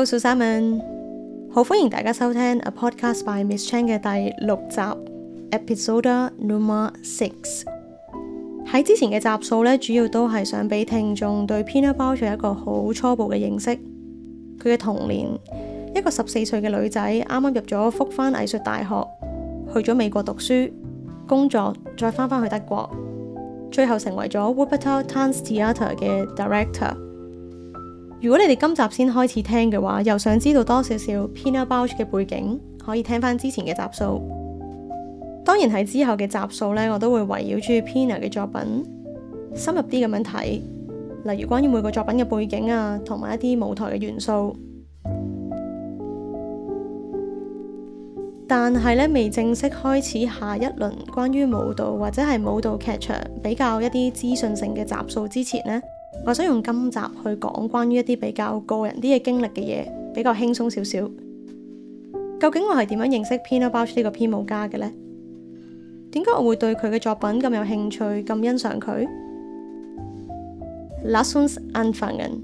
各位小 Simon。好！歡迎大家收聽 A Podcast by Miss Chan 嘅第六集，Episode Number Six。喺之前嘅集數咧，主要都係想俾聽眾對 Pina Bausch 一個好初步嘅認識。佢嘅童年，一個十四歲嘅女仔，啱啱入咗復翻藝術大學，去咗美國讀書、工作，再翻返去德國，最後成為咗 Wuppertal Tanztheater 嘅 Director。如果你哋今集先開始聽嘅話，又想知道多少少 Pina Bausch 嘅背景，可以聽翻之前嘅集數。當然係之後嘅集數呢，我都會圍繞住 Pina 嘅作品深入啲咁樣睇，例如關於每個作品嘅背景啊，同埋一啲舞台嘅元素。但係呢，未正式開始下一輪關於舞蹈或者係舞蹈劇場比較一啲資訊性嘅集數之前呢。我想用今集去講關於一啲比較個人啲嘅經歷嘅嘢，比較輕鬆少少。究竟我係點樣認識 Pina Bausch 呢個編舞家嘅呢？點解我會對佢嘅作品咁有興趣、咁欣賞佢？Last Ones Unfurling。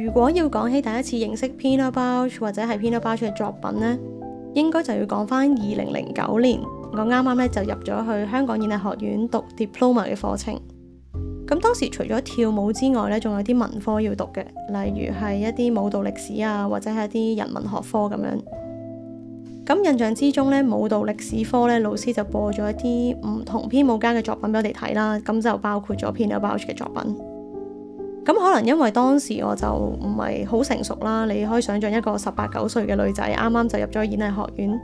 如果要講起第一次認識 Pina Bausch 或者係 Pina Bausch 嘅作品呢，應該就要講返二零零九年。我啱啱咧就入咗去香港演藝學院讀 diploma 嘅課程，咁當時除咗跳舞之外咧，仲有啲文科要讀嘅，例如係一啲舞蹈歷史啊，或者係一啲人文學科咁樣。咁印象之中咧，舞蹈歷史科咧老師就播咗一啲唔同編舞家嘅作品俾我哋睇啦，咁就包括咗 Pina Bausch 嘅作品。咁可能因為當時我就唔係好成熟啦，你可以想象一個十八九歲嘅女仔啱啱就入咗演藝學院。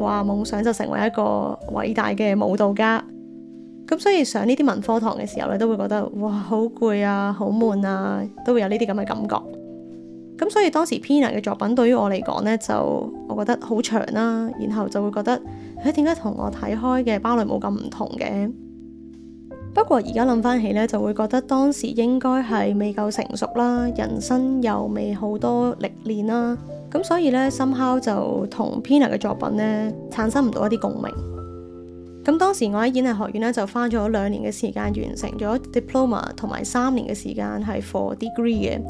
哇！夢想就成為一個偉大嘅舞蹈家，咁所以上呢啲文科堂嘅時候咧，都會覺得哇好攰啊，好悶啊，都會有呢啲咁嘅感覺。咁所以當時 Pina 嘅作品對於我嚟講呢，就我覺得好長啦，然後就會覺得，哎點解同我睇開嘅芭蕾舞咁唔同嘅？不過而家諗翻起呢，就會覺得當時應該係未夠成熟啦，人生又未好多歷練啦。咁所以咧，somehow 就同 Pina 嘅作品咧產生唔到一啲共鳴。咁當時我喺演藝學院咧就花咗兩年嘅時間完成咗 diploma，同埋三年嘅時間係 for degree 嘅。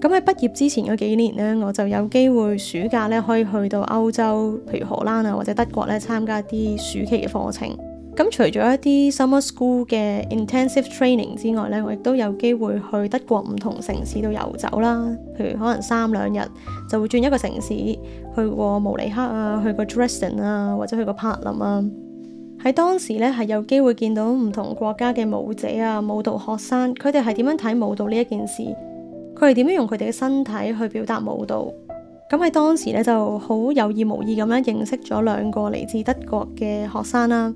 咁喺畢業之前嗰幾年咧，我就有機會暑假咧可以去到歐洲，譬如荷蘭啊，或者德國咧參加啲暑期嘅課程。咁除咗一啲 summer school 嘅 intensive training 之外咧，我亦都有機會去德國唔同城市度遊走啦。譬如可能三兩日就會轉一個城市，去過慕尼黑啊，去過 Dresden 啊，或者去過柏林啊。喺當時咧係有機會見到唔同國家嘅舞者啊、舞蹈學生，佢哋係點樣睇舞蹈呢一件事？佢哋點樣用佢哋嘅身體去表達舞蹈？咁喺當時咧就好有意無意咁樣認識咗兩個嚟自德國嘅學生啦。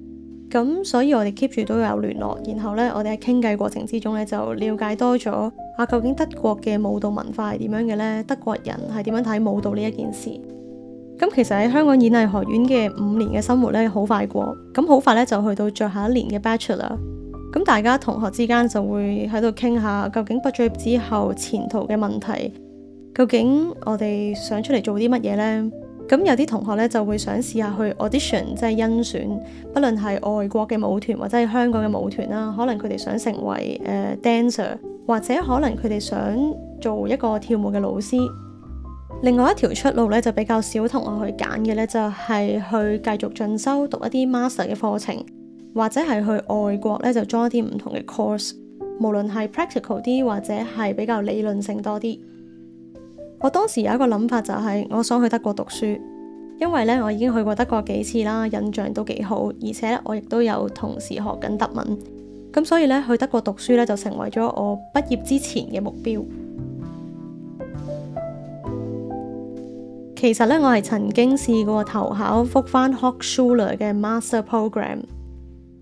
咁所以我哋 keep 住都有聯絡，然後呢，我哋喺傾偈過程之中呢，就了解多咗啊，究竟德國嘅舞蹈文化係點樣嘅呢？德國人係點樣睇舞蹈呢一件事？咁其實喺香港演藝學院嘅五年嘅生活呢，好快過，咁好快呢，就去到最後一年嘅 Bachelor。咁大家同學之間就會喺度傾下，究竟畢咗業之後前途嘅問題，究竟我哋想出嚟做啲乜嘢呢？咁有啲同學咧就會想試下去 audition，即係甄選，不論係外國嘅舞團或者係香港嘅舞團啦。可能佢哋想成為誒、uh, dancer，或者可能佢哋想做一個跳舞嘅老師。另外一條出路咧就比較少同我去揀嘅咧，就係、是、去繼續進修讀一啲 master 嘅課程，或者係去外國咧就裝一啲唔同嘅 course，無論係 practical 啲或者係比較理論性多啲。我當時有一個諗法就係我想去德國讀書，因為咧我已經去過德國幾次啦，印象都幾好，而且我亦都有同時學緊德文，咁所以咧去德國讀書咧就成為咗我畢業之前嘅目標。 其實咧我係曾經試過投考 Folkwang Hochschule 嘅 Master Program，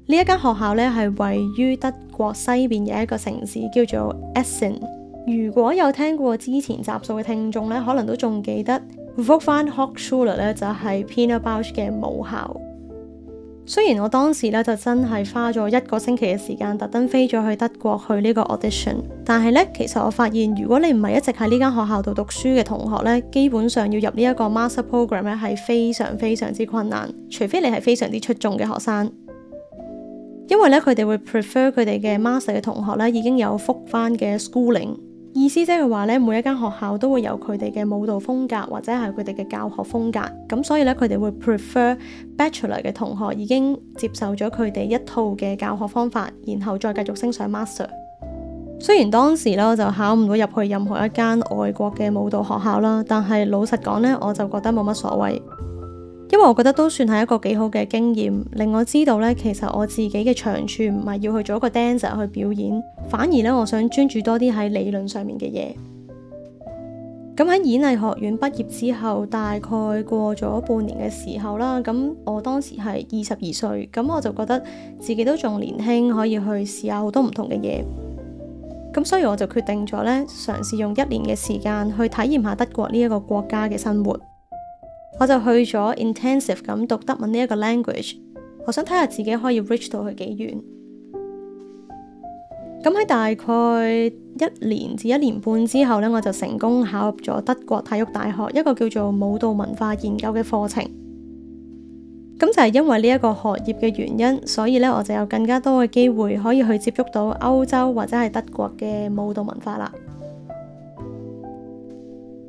呢一間學校咧係位於德國西邊嘅一個城市叫做 Essen。如果有聽過之前集數嘅聽眾咧，可能都仲記得 Folkwang Hochschule 咧，就係、是、Pina Bausch 嘅母校。雖然我當時咧就真係花咗一個星期嘅時間，特登飛咗去德國去呢個 audition，但係咧其實我發現，如果你唔係一直喺呢間學校度讀書嘅同學咧，基本上要入呢一個 master program 咧，係非常非常之困難，除非你係非常之出眾嘅學生，因為咧佢哋會 prefer 佢哋嘅 master 嘅同學咧，已經有 Folkwang 嘅 schooling。意思即係話咧，每一間學校都會有佢哋嘅舞蹈風格或者係佢哋嘅教學風格，咁所以咧佢哋會 prefer bachelor 嘅同學已經接受咗佢哋一套嘅教學方法，然後再繼續升上 master。雖然當時咧我就考唔到入去任何一間外國嘅舞蹈學校啦，但係老實講咧，我就覺得冇乜所謂。因為我覺得都算係一個幾好嘅經驗，令我知道呢，其實我自己嘅長處唔係要去做一個 dancer 去表演，反而呢，我想專注多啲喺理論上面嘅嘢。咁喺演藝學院畢業之後，大概過咗半年嘅時候啦，咁我當時係二十二歲，咁我就覺得自己都仲年輕，可以去試下好多唔同嘅嘢。咁所以我就決定咗呢，嘗試用一年嘅時間去體驗下德國呢一個國家嘅生活。我就去咗 intensive 咁讀德文呢一個 language，我想睇下自己可以 reach 到去幾遠。咁喺大概一年至一年半之後呢，我就成功考入咗德國體育大學一個叫做舞蹈文化研究嘅課程。咁就係因為呢一個學業嘅原因，所以呢，我就有更加多嘅機會可以去接觸到歐洲或者係德國嘅舞蹈文化啦。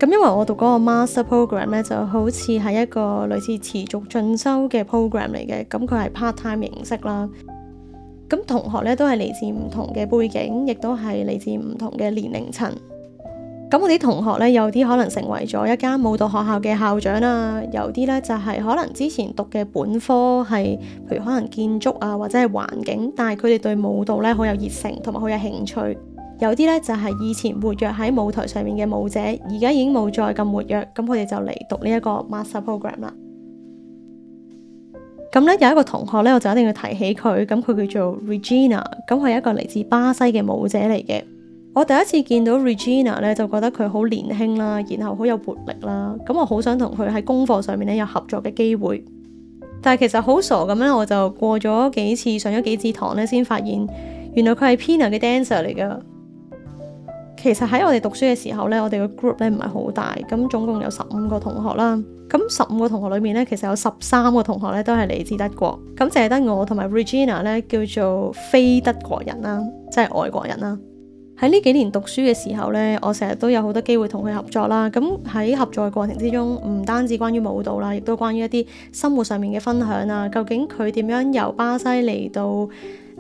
咁因為我讀嗰個 master program 咧，就好似係一個類似持續進修嘅 program 嚟嘅，咁佢係 part time 形式啦。咁同學咧都係嚟自唔同嘅背景，亦都係嚟自唔同嘅年齡層。咁我啲同學咧，有啲可能成為咗一間舞蹈學校嘅校長啦，有啲咧就係、是、可能之前讀嘅本科係譬如可能建築啊，或者係環境，但係佢哋對舞蹈咧好有熱誠同埋好有興趣。有啲咧就係以前活躍喺舞台上面嘅舞者，而家已經冇再咁活躍。咁佢哋就嚟讀呢一個 master program 啦。咁咧有一個同學咧，我就一定要提起佢。咁佢叫做 Regina，咁係一個嚟自巴西嘅舞者嚟嘅。我第一次見到 Regina 咧，就覺得佢好年輕啦，然後好有活力啦。咁我好想同佢喺功課上面咧有合作嘅機會。但係其實好傻咁咧，我就過咗幾次上咗幾次堂咧，先發現原來佢係 Pina 嘅 dancer 嚟㗎。其實喺我哋讀書嘅時候呢，我哋個 group 呢唔係好大，咁總共有十五個同學啦。咁十五個同學裏面呢，其實有十三個同學呢都係嚟自德國，咁淨係得我同埋 Regina 呢叫做非德國人啦，即係外國人啦。喺呢幾年讀書嘅時候呢，我成日都有好多機會同佢合作啦。咁喺合作嘅過程之中，唔單止關於舞蹈啦，亦都關於一啲生活上面嘅分享啊。究竟佢點樣由巴西嚟到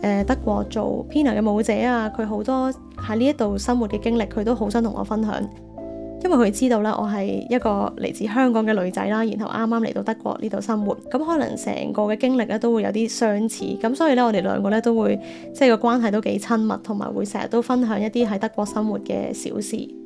誒德國做 Pina 嘅舞者啊，佢好多喺呢一度生活嘅經歷，佢都好想同我分享，因為佢知道啦，我係一個嚟自香港嘅女仔啦，然後啱啱嚟到德國呢度生活，咁可能成個嘅經歷咧都會有啲相似，咁所以咧我哋兩個咧都會即係個關係都幾親密，同埋會成日都分享一啲喺德國生活嘅小事。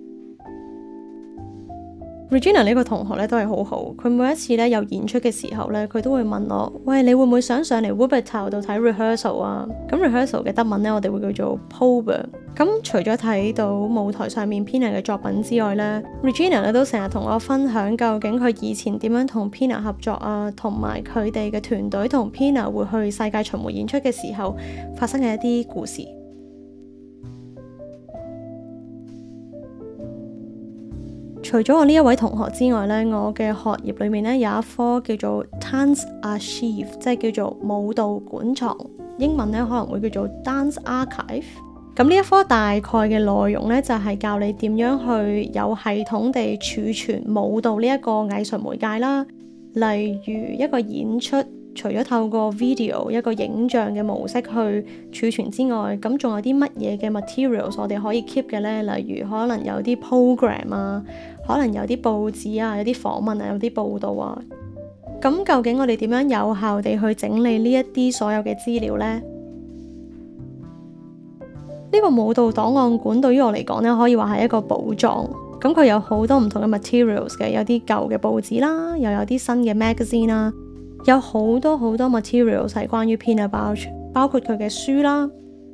Regina 呢個同學咧都係好好，佢每一次咧有演出嘅時候咧，佢都會問我：喂，你會唔會想上嚟 Wuppertal 頭度睇 rehearsal 啊？咁 rehearsal 嘅德文咧，我哋會叫做 probe。咁除咗睇到舞台上面 Pina 嘅作品之外咧，Regina 咧都成日同我分享究竟佢以前點樣同 Pina 合作啊，同埋佢哋嘅團隊同 Pina 會去世界巡迴演出嘅時候發生嘅一啲故事。除咗我呢一位同學之外咧，我嘅學業裏面咧有一科叫做 Tanz Archive，即係叫做舞蹈館藏。英文咧可能會叫做 Dance Archive。咁呢一科大概嘅內容咧就係、是、教你點樣去有系統地儲存舞蹈呢一個藝術媒介啦。例如一個演出，除咗透過 video 一個影像嘅模式去儲存之外，咁仲有啲乜嘢嘅 materials 我哋可以 keep 嘅咧？例如可能有啲 program 啊。可能有啲報紙啊，有啲訪問啊，有啲報導啊。咁究竟我哋點樣有效地去整理呢一啲所有嘅資料呢？呢個舞蹈檔案館對於我嚟講咧，可以話係一個寶藏。咁佢有好多唔同嘅 materials 嘅，有啲舊嘅報紙啦、啊，又有啲新嘅 magazine 啦，有好多好多 materials 係關於 Pina Bausch，包括佢嘅書啦、啊，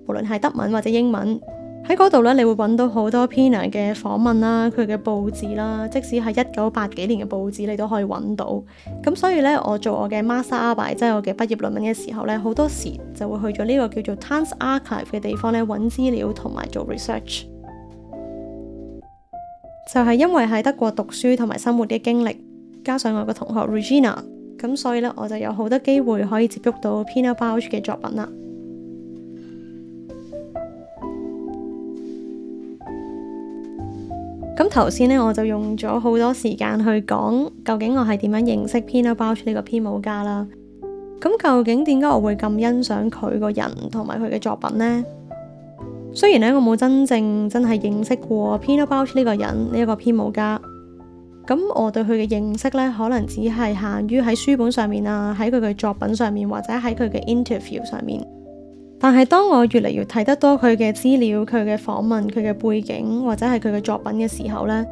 無論係德文或者英文。喺嗰度咧，你會揾到好多 Pina 嘅訪問啦，佢嘅報紙啦，即使係一九八幾年嘅報紙，你都可以揾到。咁所以呢，我做我嘅 Masterarbeit，即係我嘅畢業論文嘅時候呢，好多時就會去咗呢個叫做 Tanz Archive 嘅地方咧揾資料同埋做 research。就係因為喺德國讀書同埋生活嘅經歷，加上我個同學 Regina，咁所以呢，我就有好多機會可以接觸到 Pina Bausch 嘅作品啦。咁頭先咧，我就用咗好多時間去講，究竟我係點樣認識 Pina Bausch 呢個編舞家啦。咁究竟點解我會咁欣賞佢個人同埋佢嘅作品呢？雖然咧我冇真正真係認識過 Pina Bausch 呢個人，呢一個編舞家，咁我對佢嘅認識咧，可能只係限於喺書本上面啊，喺佢嘅作品上面，或者喺佢嘅 interview 上面。但係當我越嚟越睇得多佢嘅資料、佢嘅訪問、佢嘅背景或者係佢嘅作品嘅時候呢，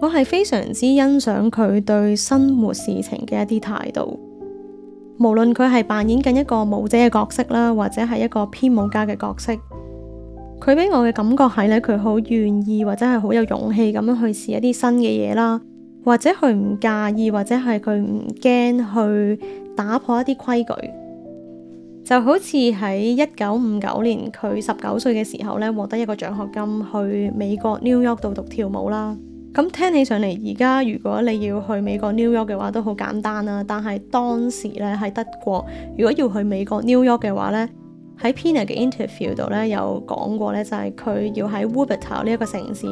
我係非常之欣賞佢對生活事情嘅一啲態度。無論佢係扮演緊一個舞者嘅角色啦，或者係一個編舞家嘅角色，佢俾我嘅感覺係呢，佢好願意或者係好有勇氣咁樣去試一啲新嘅嘢啦，或者佢唔介意或者係佢唔驚去打破一啲規矩。就好似喺一九五九年，佢十九歲嘅時候咧，獲得一個獎學金去美國 New York 度讀跳舞啦。咁、嗯、聽起上嚟，而家如果你要去美國 New York 嘅話，都好簡單啦。但係當時咧喺德國，如果要去美國 New York 嘅話咧，喺 Pina 嘅 interview 度咧有講過咧，就係、是、佢要喺 Wuppertal 呢一個城市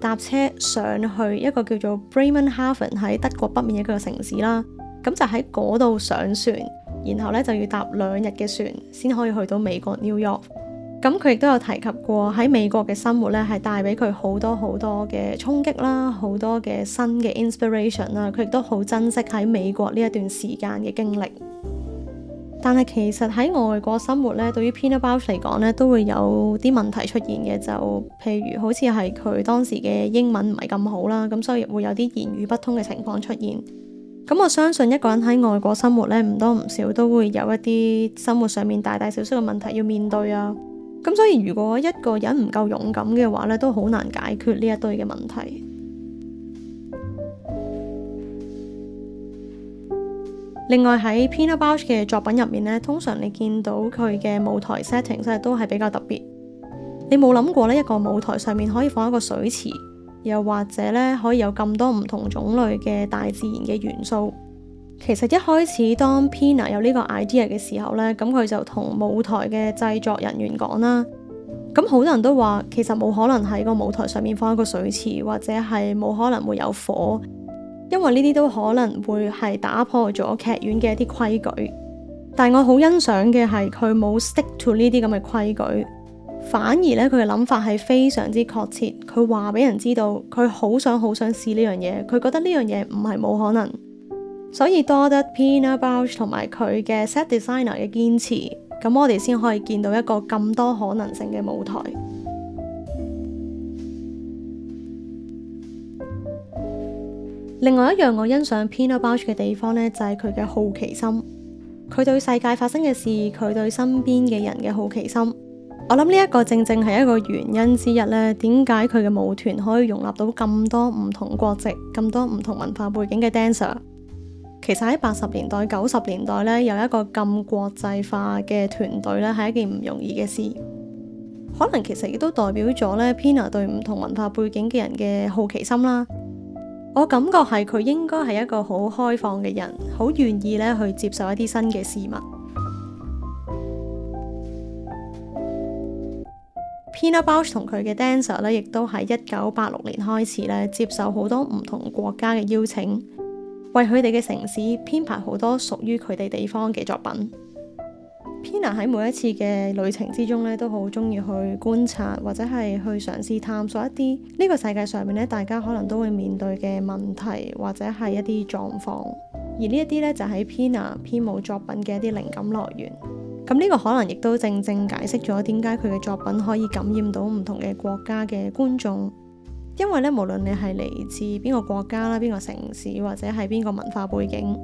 搭車上去一個叫做 Bremen Haven 喺德國北面嘅一個城市啦。咁、嗯、就喺嗰度上船。然後咧就要搭兩日嘅船先可以去到美國 New York。咁佢亦都有提及過喺美國嘅生活咧，係帶俾佢好多好多嘅衝擊啦，好多嘅新嘅 inspiration 啦。佢亦都好珍惜喺美國呢一段時間嘅經歷。但係其實喺外國生活咧，對於 Pina Bausch 嚟講咧，都會有啲問題出現嘅。就譬如好似係佢當時嘅英文唔係咁好啦，咁所以會有啲言語不通嘅情況出現。咁我相信一個人喺外國生活呢，唔多唔少都會有一啲生活上面大大小小嘅問題要面對啊。咁所以如果一個人唔夠勇敢嘅話呢，都好難解決呢一堆嘅問題。 另外喺 Pina Bausch 嘅作品入面呢，通常你見到佢嘅舞台 setting 都係比較特別。你冇諗過呢，一個舞台上面可以放一個水池？又或者咧，可以有咁多唔同種類嘅大自然嘅元素。其實一開始當 Pina 有呢個 idea 嘅時候咧，咁佢就同舞台嘅製作人員講啦。咁好多人都話，其實冇可能喺個舞台上面放一個水池，或者係冇可能會有火，因為呢啲都可能會係打破咗劇院嘅一啲規矩。但我好欣賞嘅係佢冇 stick to 呢啲咁嘅規矩。反而咧，佢嘅諗法係非常之確切。佢話俾人知道，佢好想好想試呢樣嘢，佢覺得呢樣嘢唔係冇可能。所以多得 Pina Bausch 同埋佢嘅 set designer 嘅堅持，咁我哋先可以見到一個咁多可能性嘅舞台。另外一樣我欣賞 Pina Bausch 嘅地方呢，就係佢嘅好奇心，佢對世界發生嘅事，佢對身邊嘅人嘅好奇心。我諗呢一個正正係一個原因之一呢，點解佢嘅舞團可以容納到咁多唔同國籍、咁多唔同文化背景嘅 dancer？其實喺八十年代、九十年代呢，有一個咁國際化嘅團隊呢，係一件唔容易嘅事。可能其實亦都代表咗呢，Pina 對唔同文化背景嘅人嘅好奇心啦。我感覺係佢應該係一個好開放嘅人，好願意呢去接受一啲新嘅事物。Pina Bausch 同佢嘅 dancer 咧，亦都喺一九八六年開始咧，接受好多唔同國家嘅邀請，為佢哋嘅城市編排好多屬於佢哋地方嘅作品。Pina 喺每一次嘅旅程之中咧，都好中意去觀察或者係去嘗試探索一啲呢個世界上面咧，大家可能都會面對嘅問題或者係一啲狀況，而呢一啲咧就係 Pina 編舞作品嘅一啲靈感來源。咁呢個可能亦都正正解釋咗點解佢嘅作品可以感染到唔同嘅國家嘅觀眾，因為咧無論你係嚟自邊個國家啦、邊個城市或者係邊個文化背景，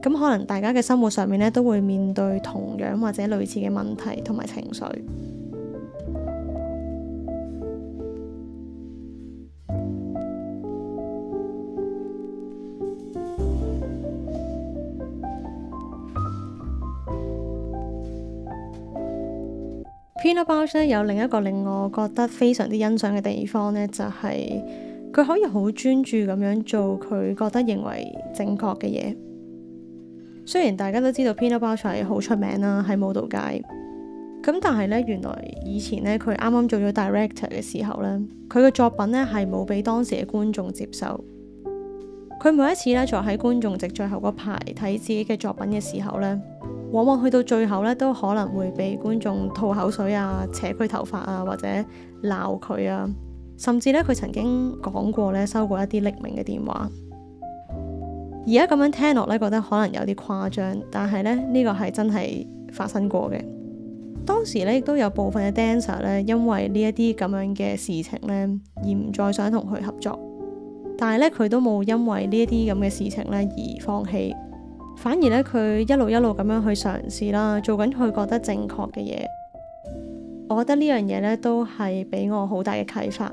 咁可能大家嘅生活上面咧都會面對同樣或者類似嘅問題同埋情緒。Pina Bausch 咧有另一個令我覺得非常之欣賞嘅地方咧，就係佢可以好專注咁樣做佢覺得認為正確嘅嘢。雖然大家都知道 Pina Bausch 係好出名啦，喺舞蹈界。咁但係咧，原來以前咧佢啱啱做咗 director 嘅時候咧，佢嘅作品咧係冇俾當時嘅觀眾接受。佢每一次咧坐喺觀眾席最後嗰排睇自己嘅作品嘅時候咧，往往去到最後咧，都可能會被觀眾吐口水啊、扯佢頭髮啊，或者鬧佢啊。甚至咧，佢曾經講過咧，收過一啲匿名嘅電話。而家咁樣聽落咧，覺得可能有啲誇張，但係咧，呢個係真係發生過嘅。當時咧，亦都有部分嘅 dancer 咧，因為呢一啲咁樣嘅事情咧，而唔再想同佢合作。但係咧，佢都冇因為呢一啲咁嘅事情咧而放棄。反而咧，佢一路一路咁樣去嘗試啦，做緊佢覺得正確嘅嘢。我覺得呢樣嘢咧，都係俾我好大嘅啟發。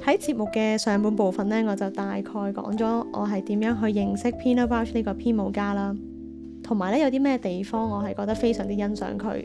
喺節 目嘅上半部分咧，我就大概講咗我係點樣去認識 Pina Bausch 呢個編舞家啦，同埋咧，有啲咩地方我係覺得非常之欣賞佢。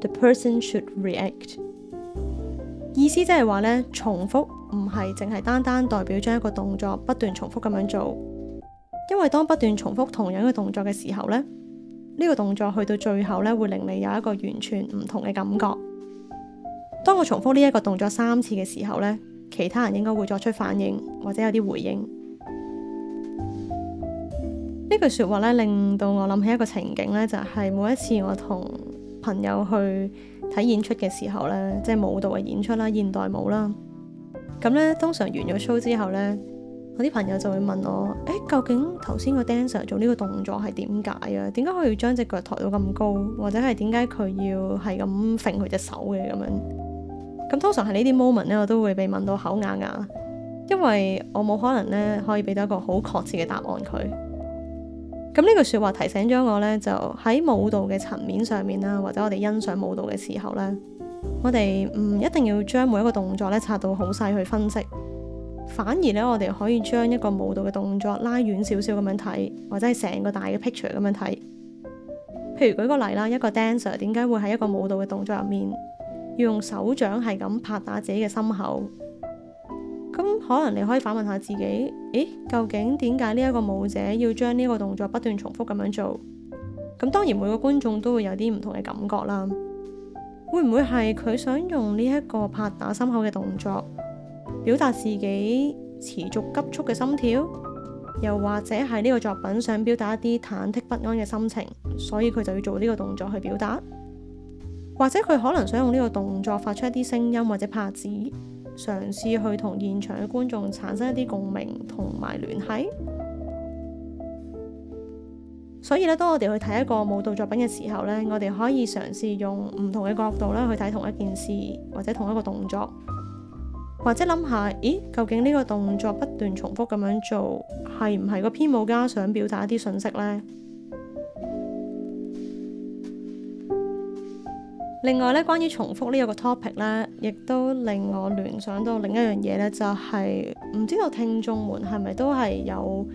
The person should react。意思即係話咧，重複唔係淨係單單代表將一個動作不斷重複咁樣做，因為當不斷重複同樣嘅動作嘅時候咧，呢個動作去到最後咧，會令你有一個完全唔同嘅感覺。當我重複呢一個動作三次嘅時候咧，其他人應該會作出反應或者有啲回應。呢句說話咧，令到我諗起一個情景咧，就係每一次我同朋友去睇演出嘅時候呢，即係舞蹈嘅演出啦、現代舞啦，咁呢，通常完咗 show 之後呢，我啲朋友就會問我，誒、欸、究竟頭先個 dancer 做呢個動作係點解啊？點解可以將隻腳抬到咁高？或者係點解佢要係咁揈佢隻手嘅咁樣？咁通常係呢啲 moment 呢，我都會被問到口啞啞，因為我冇可能呢可以俾到一個好確切嘅答案佢。咁呢句說話提醒咗我呢，就喺舞蹈嘅層面上面啦，或者我哋欣賞舞蹈嘅時候呢，我哋唔一定要將每一個動作咧拆到好細去分析，反而呢，我哋可以將一個舞蹈嘅動作拉遠少少咁樣睇，或者係成個大嘅 picture 咁樣睇。譬如舉個例啦，一個 dancer 點解會喺一個舞蹈嘅動作入面，要用手掌係咁拍打自己嘅心口？咁可能你可以反問下自己，咦？究竟點解呢一個舞者要將呢個動作不斷重複咁樣做？咁當然每個觀眾都會有啲唔同嘅感覺啦。會唔會係佢想用呢一個拍打心口嘅動作，表達自己持續急速嘅心跳？又或者係呢個作品想表達一啲忐忑不安嘅心情，所以佢就要做呢個動作去表達？或者佢可能想用呢個動作發出一啲聲音或者拍子？嘗試去同現場嘅觀眾產生一啲共鳴同埋聯繫，所以咧，當我哋去睇一個舞蹈作品嘅時候咧，我哋可以嘗試用唔同嘅角度咧去睇同一件事，或者同一個動作，或者諗下，咦，究竟呢個動作不斷重複咁樣做，係唔係個編舞家想表達一啲信息呢？另外咧，關於重複呢一個 topic 咧，亦都令我聯想到另一樣嘢咧，就係唔知道聽眾們係咪都係有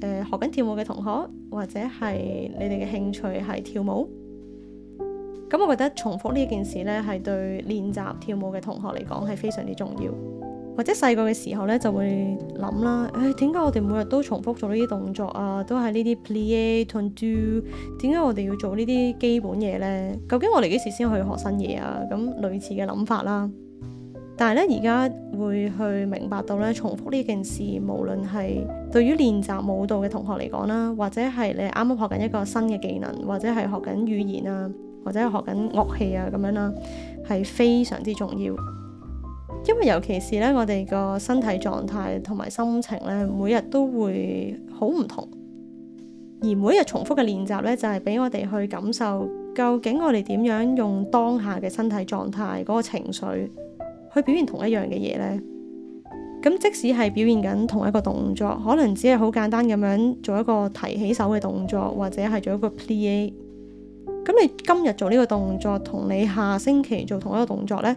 誒、呃、學緊跳舞嘅同學，或者係你哋嘅興趣係跳舞。咁我覺得重複呢件事咧，係對練習跳舞嘅同學嚟講係非常之重要。或者細個嘅時候咧，就會諗啦，誒點解我哋每日都重複做呢啲動作啊？都係呢啲 plié, tendu，點解我哋要做呢啲基本嘢呢？究竟我哋幾時先去學新嘢啊？咁類似嘅諗法啦。但係咧，而家會去明白到咧，重複呢件事，無論係對於練習舞蹈嘅同學嚟講啦，或者係你啱啱學緊一個新嘅技能，或者係學緊語言啊，或者係學緊樂器啊咁樣啦，係非常之重要。因為尤其是咧，我哋個身體狀態同埋心情咧，每日都會好唔同。而每日重複嘅練習咧，就係俾我哋去感受究竟我哋點樣用當下嘅身體狀態嗰個情緒去表現同一樣嘅嘢呢。咁即使係表現緊同一個動作，可能只係好簡單咁樣做一個提起手嘅動作，或者係做一個 plié。咁你今日做呢個動作，同你下星期做同一個動作呢，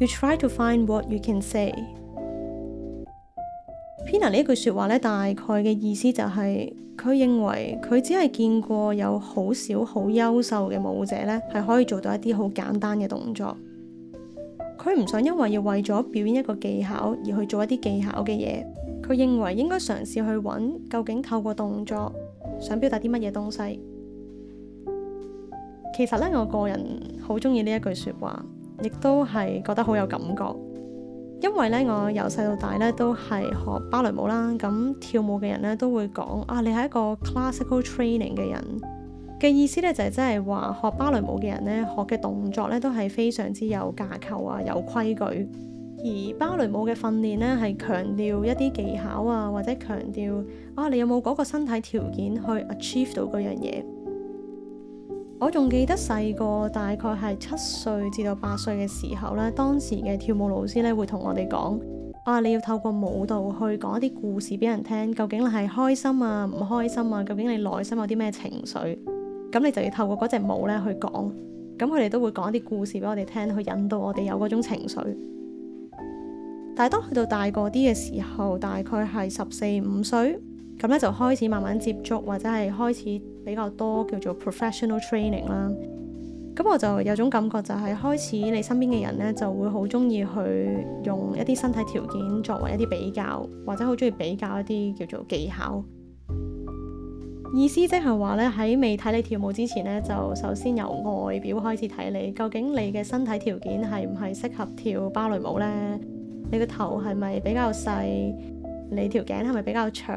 You try to find what you can say。Pina 呢句説話咧，大概嘅意思就係，佢認為佢只係見過有好少好優秀嘅舞者咧，係可以做到一啲好簡單嘅動作。佢唔想因為要為咗表演一個技巧而去做一啲技巧嘅嘢。佢認為應該嘗試去揾究竟透過動作想表達啲乜嘢東西。其實咧，我個人好中意呢一句説話。亦都係覺得好有感覺，因為咧，我由細到大咧都係學芭蕾舞啦。咁跳舞嘅人咧都會講啊，你係一個 classical training 嘅人嘅意思咧就係即係話學芭蕾舞嘅人咧學嘅動作咧都係非常之有架構啊，有規矩。而芭蕾舞嘅訓練咧係強調一啲技巧啊，或者強調啊你有冇嗰個身體條件去 achieve 到嗰樣嘢。我仲記得細個，大概係七歲至到八歲嘅時候咧，當時嘅跳舞老師咧會同我哋講：啊，你要透過舞蹈去講一啲故事俾人聽，究竟你係開心啊、唔開心啊？究竟你內心有啲咩情緒？咁你就要透過嗰隻舞咧去講。咁佢哋都會講一啲故事俾我哋聽，去引導我哋有嗰種情緒。但係當去到大個啲嘅時候，大概係十四五歲，咁咧就開始慢慢接觸，或者係開始，比較多叫做 professional training 啦，咁我就有種感覺就係開始你身邊嘅人呢，就會好中意去用一啲身體條件作為一啲比較，或者好中意比較一啲叫做技巧。意思即係話呢，喺未睇你跳舞之前呢，就首先由外表開始睇你，究竟你嘅身體條件係唔係適合跳芭蕾舞呢？你個頭係咪比較細？你條頸係咪比較長？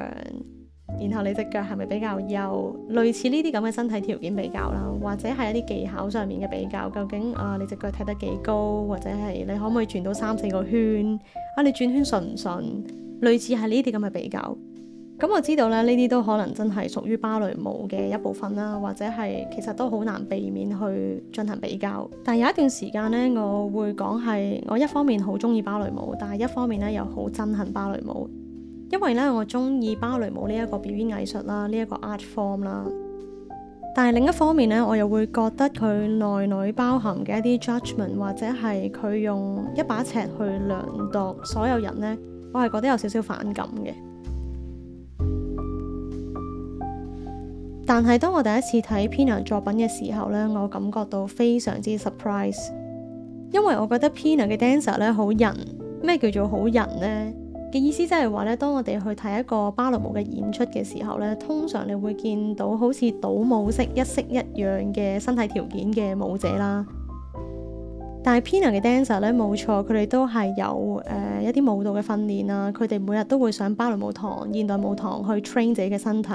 然後你隻腳係咪比較幼？類似呢啲咁嘅身體條件比較啦，或者係一啲技巧上面嘅比較。究竟啊，你隻腳踢得幾高？或者係你可唔可以轉到三四個圈？啊，你轉圈順唔順？類似係呢啲咁嘅比較。咁、嗯、我知道咧，呢啲都可能真係屬於芭蕾舞嘅一部分啦，或者係其實都好難避免去進行比較。但有一段時間呢，我會講係我一方面好中意芭蕾舞，但係一方面咧又好憎恨芭蕾舞。因為咧，我中意芭蕾舞呢一個表演藝術啦，呢一個 art form 啦。但係另一方面呢，我又會覺得佢內裡包含嘅一啲 judgment 或者係佢用一把尺去量度所有人呢，我係覺得有少少反感嘅。但係當我第一次睇 Pina 作品嘅時候呢，我感覺到非常之 surprise，因為我覺得 Pina 嘅 dancer 咧好人。咩叫做好人呢？嘅意思即係話咧，當我哋去睇一個芭蕾舞嘅演出嘅時候咧，通常你會見到好似倒模式一式一樣嘅身體條件嘅舞者啦。但係 Pina 嘅 Dancer 咧，冇錯，佢哋都係有誒、呃、一啲舞蹈嘅訓練啦，佢哋每日都會上芭蕾舞堂、現代舞堂去 train 自己嘅身體，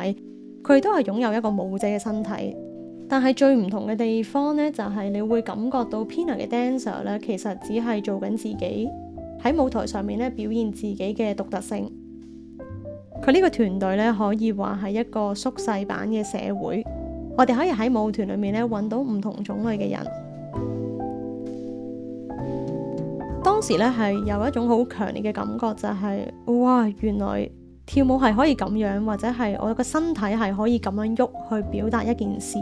佢哋都係擁有一個舞者嘅身體。但係最唔同嘅地方咧，就係、是、你會感覺到 Pina 嘅 Dancer 咧，其實只係做緊自己。喺舞台上面咧，表現自己嘅獨特性。佢呢個團隊咧，可以話係一個縮細版嘅社會。我哋可以喺舞團裏面咧，揾到唔同種類嘅人。當時咧，係有一種好強烈嘅感覺、就係，就係哇，原來跳舞係可以咁樣，或者係我個身體係可以咁樣喐去表達一件事，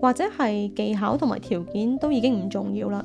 或者係技巧同埋條件都已經唔重要啦。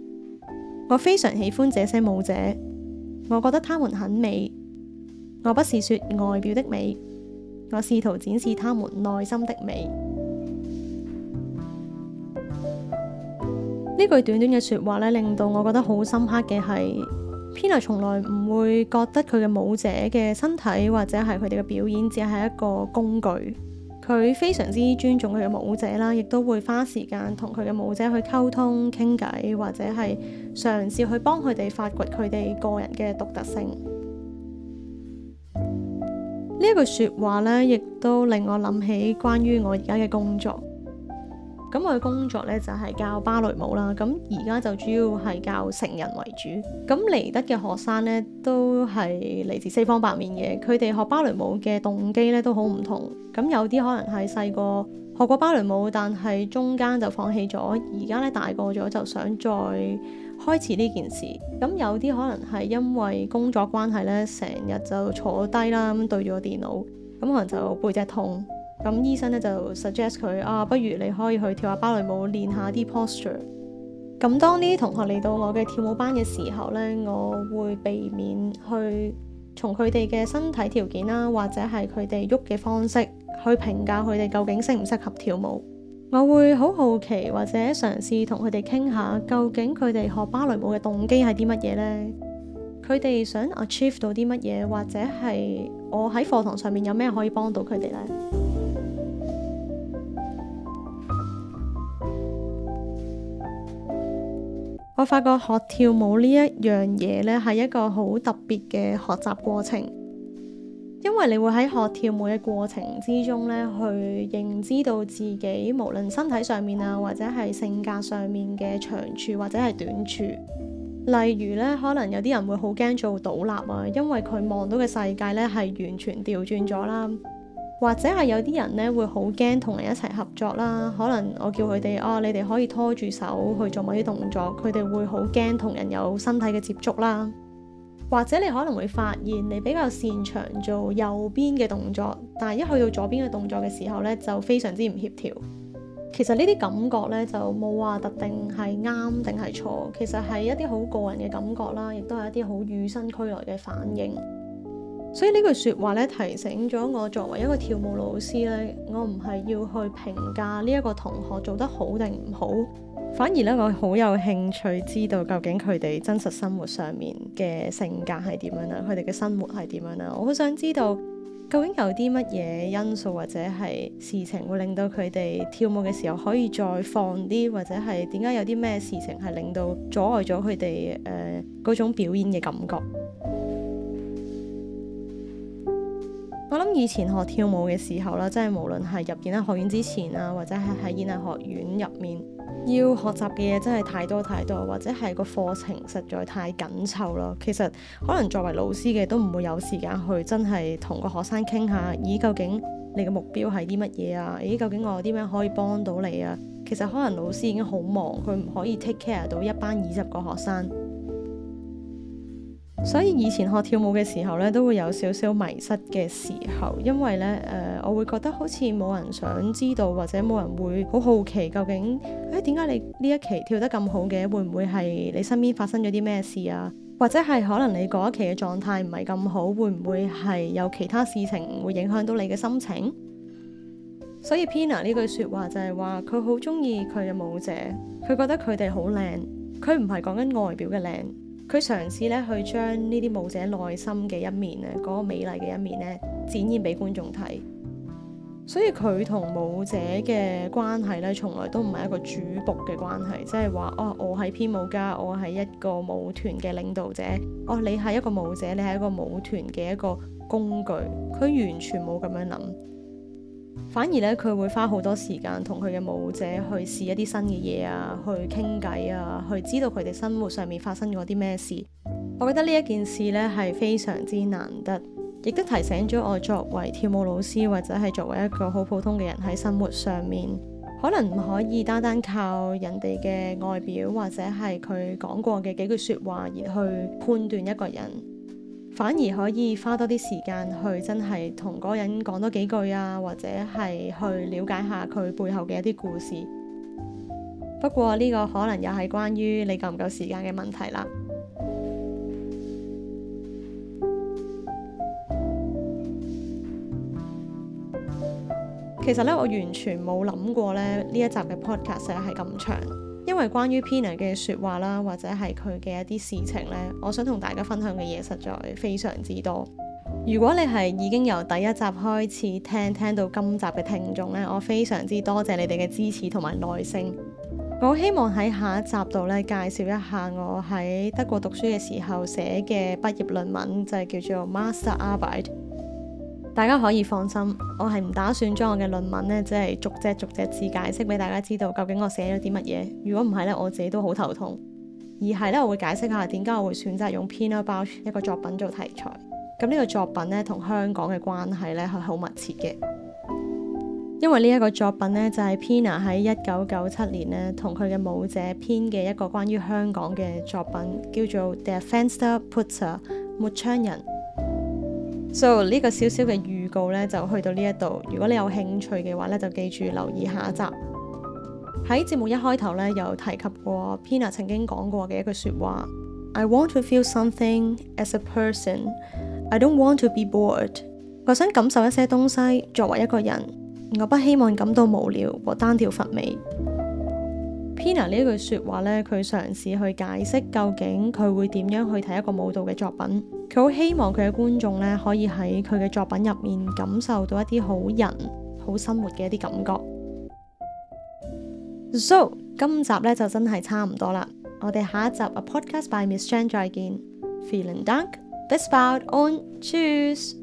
我非常喜歡這些舞者，我覺得他們很美。我不是說外表的美，我試圖展示他們內心的美。呢 句短短嘅說話咧，令到我覺得好深刻嘅係，Pina 從來唔會覺得佢嘅舞者嘅身體或者係佢哋嘅表演只係一個工具。佢非常之尊重佢嘅舞者啦，亦都會花時間同佢嘅舞者去溝通傾偈，或者係。嘗試去幫佢哋發掘佢哋個人嘅獨特性。說呢一句説話咧，亦都令我諗起關於我而家嘅工作。咁我嘅工作咧就係、是、教芭蕾舞啦。咁而家就主要係教成人為主。咁嚟得嘅學生咧都係嚟自四方八面嘅。佢哋學芭蕾舞嘅動機咧都好唔同。咁有啲可能係細個學過芭蕾舞，但係中間就放棄咗。而家咧大個咗就想再。開始呢件事，咁有啲可能係因為工作關係咧，成日就坐低啦，咁對住個電腦，咁可能就背脊痛。咁醫生咧就 suggest 佢啊，不如你可以去跳下芭蕾舞，練下啲 posture。咁當呢啲同學嚟到我嘅跳舞班嘅時候咧，我會避免去從佢哋嘅身體條件啦，或者係佢哋喐嘅方式去評價佢哋究竟適唔適合跳舞。我會好好奇或者嘗試同佢哋傾下，究竟佢哋學芭蕾舞嘅動機係啲乜嘢呢？佢哋想 achieve 到啲乜嘢，或者係我喺課堂上面有咩可以幫到佢哋呢？我發覺學跳舞呢一樣嘢呢，係一個好特別嘅學習過程。因為你會喺學跳舞嘅過程之中咧，去認知到自己無論身體上面啊，或者係性格上面嘅長處或者係短處。例如咧，可能有啲人會好驚做倒立啊，因為佢望到嘅世界咧係完全調轉咗啦。或者係有啲人咧會好驚同人一齊合作啦。可能我叫佢哋哦，你哋可以拖住手去做某啲動作，佢哋會好驚同人有身體嘅接觸啦。或者你可能會發現，你比較擅長做右邊嘅動作，但係一去到左邊嘅動作嘅時候呢，就非常之唔協調。其實呢啲感覺呢，就冇話特定係啱定係錯，其實係一啲好個人嘅感覺啦，亦都係一啲好與生俱來嘅反應。所以呢句說話咧，提醒咗我作為一個跳舞老師咧，我唔係要去評價呢一個同學做得好定唔好，反而咧我好有興趣知道究竟佢哋真實生活上面嘅性格係點樣啦，佢哋嘅生活係點樣啦，我好想知道究竟有啲乜嘢因素或者係事情會令到佢哋跳舞嘅時候可以再放啲，或者係點解有啲咩事情係令到阻礙咗佢哋誒嗰種表演嘅感覺。我諗以前學跳舞嘅時候啦，即係無論係入演藝學院之前啊，或者係喺演藝學院入面要學習嘅嘢真係太多太多，或者係個課程實在太緊湊咯。其實可能作為老師嘅都唔會有時間去真係同個學生傾下，咦究竟你嘅目標係啲乜嘢啊？咦究竟我有啲咩可以幫到你啊？其實可能老師已經好忙，佢唔可以 take care 到一班二十個學生。所以以前學跳舞嘅時候咧，都會有少少迷失嘅時候，因為咧，誒、呃，我會覺得好似冇人想知道，或者冇人會好好奇究竟，誒、哎，點解你呢一期跳得咁好嘅，會唔會係你身邊發生咗啲咩事啊？或者係可能你嗰一期嘅狀態唔係咁好，會唔會係有其他事情會影響到你嘅心情？所以 Pina 呢句説話就係話，佢好鍾意佢嘅舞者，佢覺得佢哋好靚，佢唔係講緊外表嘅靚。佢嘗試咧去將呢啲舞者內心嘅一面咧，嗰個美麗嘅一面咧，展現俾觀眾睇。所以佢同舞者嘅關係咧，從來都唔係一個主僕嘅關係，即係話哦，我係編舞家，我係一個舞團嘅領導者，哦，你係一個舞者，你係一個舞團嘅一個工具。佢完全冇咁樣諗。反而咧，佢會花好多時間同佢嘅舞者去試一啲新嘅嘢啊，去傾偈啊，去知道佢哋生活上面發生咗啲咩事。我覺得呢一件事咧係非常之難得，亦都提醒咗我作為跳舞老師或者係作為一個好普通嘅人喺生活上面，可能唔可以單單靠人哋嘅外表或者係佢講過嘅幾句說話而去判斷一個人。反而可以花多啲時間去真係同嗰個人講多幾句啊，或者係去了解下佢背後嘅一啲故事。不過呢個可能又係關於你夠唔夠時間嘅問題啦。其實咧，我完全冇諗過咧呢一集嘅 podcast 係咁長。關於 Pina 嘅說話啦，或者係佢嘅一啲事情呢，我想同大家分享嘅嘢實在非常之多。如果你係已經由第一集開始聽聽到今集嘅聽眾呢，我非常之多謝你哋嘅支持同埋耐性。我好希望喺下一集度呢，介紹一下我喺德國讀書嘅時候寫嘅畢業論文，就係、是、叫做 Masterarbeit。大家可以放心，我係唔打算將我嘅論文呢，即係逐隻逐隻字解釋俾大家知道究竟我寫咗啲乜嘢。如果唔係呢，我自己都好頭痛。而係呢，我會解釋下點解我會選擇用 Pina 包一個作品做題材。咁呢個作品呢，同香港嘅關係呢，係好密切嘅，因為呢一個作品呢，就係 Pina 喺一九九七年呢，同佢嘅舞者編嘅一個關於香港嘅作品，叫做 The f e n s t e r p u t z a r 沒窗人。So 呢個小小嘅預告咧，就去到呢一度。如果你有興趣嘅話咧，就記住留意下一集。喺節目一開頭咧，有提及過 Pina 曾經講過嘅一句説話：「I want to feel something as a person. I don't want to be bored.」我想感受一些東西，作為一個人，我不希望感到無聊和單調乏味。Pina 呢一句説話咧，佢嘗試去解釋究竟佢會點樣去睇一個舞蹈嘅作品。佢好希望佢嘅觀眾咧，可以喺佢嘅作品入面感受到一啲好人、好生活嘅一啲感覺。So，今集咧就真係差唔多啦，我哋下一集 A Podcast by Miss Chan 再見，Feeling Duck, This Part On Choose。